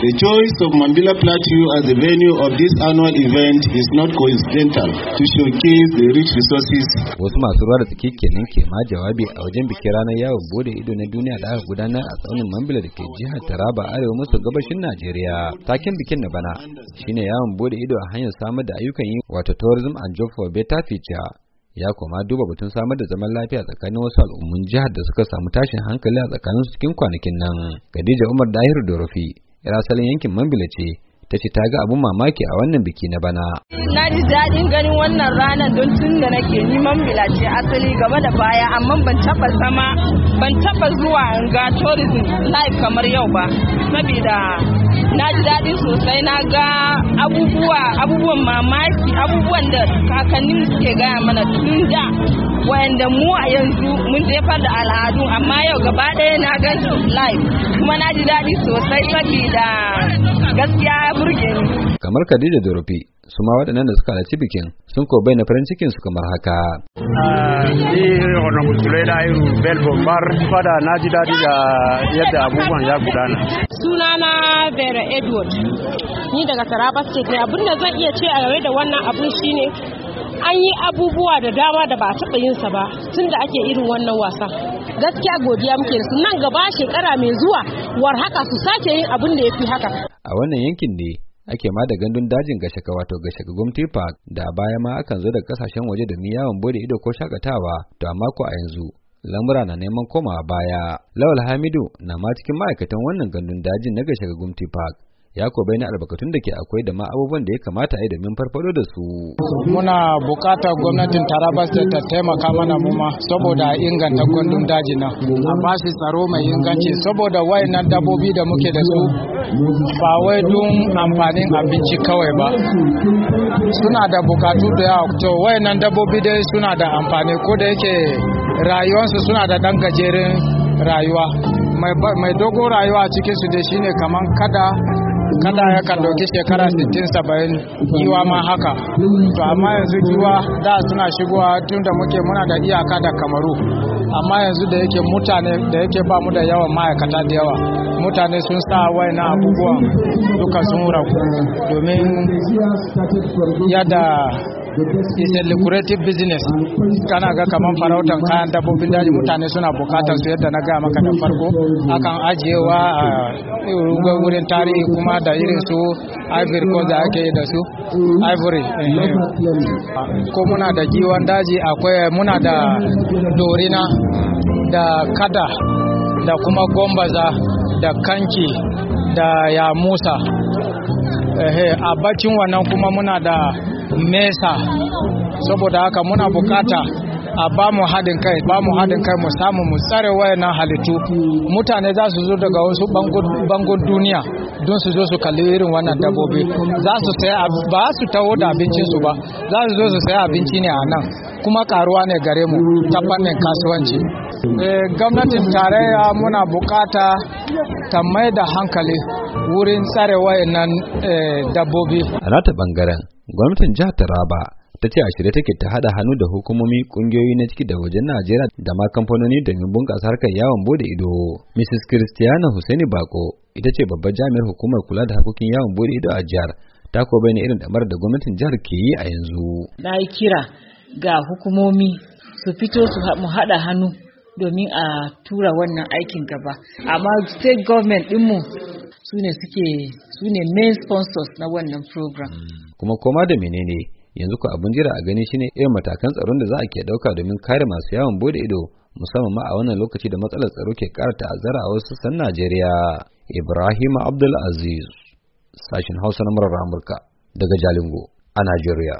The choice of Mambila Plateau as the venue of this annual event is not coincidental to showcase the rich resources. Wasu masu ruwa da tsaki kenan ke ma jawabi a wajen bikin ranar yawon bude ido na duniya da aka gudanar a tsaunin Mambila da ke jihar Taraba arewa maso gabashin Najeriya. takin bikin na bana shine yawon bude ido a hanyar samar da ayyukan yi wato tourism and job for better future. ya kuma duba batun samar da zaman lafiya tsakanin wasu al'ummun jihar da suka samu tashin hankali a tsakanin su cikin kwanakin nan. Khadija Umar dahiru Dorofi yar asalin yankin Mambila ce ta ce ta ga abun mamaki a wannan biki na bana. Na ji daɗin ganin wannan ranar don tun da nake ni mambila ce asali gaba da baya amma ban taɓa zama ban taɓa zuwa ga tourism live kamar yau ba saboda na ji daɗi sosai na ga abubuwa abubuwan mamaki abubuwan da kakannin suke gaya mana tun da wayanda mu a yanzu mun jefar da al'adu amma yau gaba ɗaya na gan live kuma na ji daɗi sosai saboda gaskiya ya burge ni kamar Khadija Dorofi su ma waɗannan da suka halarci bikin sun ko bayyana farin cikin su kamar haka. Ah, ni wannan musulai da iru Belbo fada na ji daɗi da yadda abubuwan ya gudana. Sunana Vera Edward ni daga Taraba kai, abinda zan iya ce a game da wannan abun shine an yi abubuwa da dama da ba a taɓa yinsa ba tun da ake irin wannan wasa gaskiya godiya muke su nan gaba shekara mai zuwa war haka su sake yin abin da ya fi haka a wannan yankin ne ake ma da gandun dajin gashaka wato gashaka gumti park da a baya ma akan zo da kasashen waje da yawon bude ido ko shakatawa to amma ko a yanzu lamura na neman komawa baya lawal hamidu na ma cikin ma'aikatan wannan gandun dajin na gashaka gumti park ya ko na albarkatun da ke akwai da ma abubuwan da ya kamata a yi domin farfado da su. Muna bukatar gwamnatin Taraba State ta taimaka mana muma saboda inganta gandun daji nan. A ba shi tsaro mai inganci saboda wayannan dabbobi da muke da su ba wai don amfanin abinci kawai ba. Suna da bukatu da yawa. To wayannan dabbobi dai suna da amfani ko da yake rayuwarsu suna da ɗan gajeren rayuwa. Mai dogo rayuwa cikinsu dai shine kamar kada kada ya kan dauki shekara 60 70 giwa ma haka to amma yanzu giwa da suna shigowa tun da muke muna da iyaka da kamaru amma yanzu da yake mutane da yake ba mu da yawan ma'aikata da yawa mutane sun sa wai na abubuwan duka sun ragu domin yada is lucrative business kana ga kaman farautan kayan dabbobin daji mutane suna bukatar su yadda na gaya maka da farko akan ajiyewa a eh, wurin tarihi kuma da irin su ivory ko da ake da su ivory eh, ko muna da giwon daji akwai muna da dorina da kada da kuma gombaza da kanki da ya musa eh, a bacin wannan kuma muna da Mesa saboda haka muna bukata a ba mu haɗin kai ba mu haɗin kai mu samu mu tsare wayannan halittu mutane za su zo daga wasu bangon duniya don su zo su kalli irin wannan dabbobi za su saya ba su taho da abincin su ba za su zo su saya abinci ne a nan kuma karuwa ne gare mu ta fannin kasuwanci eh, gwamnatin tarayya muna bukata ta mai da hankali wurin tsare wayannan eh, dabbobi a bangaren gwamnatin jihar taraba ta ce a shirye take ta hada hannu da hukumomi ƙungiyoyi na ciki da wajen najeriya da ma kamfanoni domin bunƙasa harkar yawon bude ido mrs christiana Hussaini bako ita ce babbar jami'ar hukumar kula da harkokin yawon bude ido a jihar ta ko bayyana irin damar da gwamnatin jihar ke yi a yanzu na yi kira ga hukumomi su fito su mu hada hannu domin a tura wannan aikin gaba amma state government ɗinmu su ne suke su ne main sponsors na wannan program mm. kuma koma da menene yanzu ku abin jira a gani shine irin matakan tsaron da za a ke dauka domin kare masu yawon bude ido musamman ma a wannan lokaci da matsalar tsaro ke kara ta'azzara a wasu sassan Najeriya Ibrahim Abdul Aziz sashin Hausa na murar Amurka daga Jalingo a Najeriya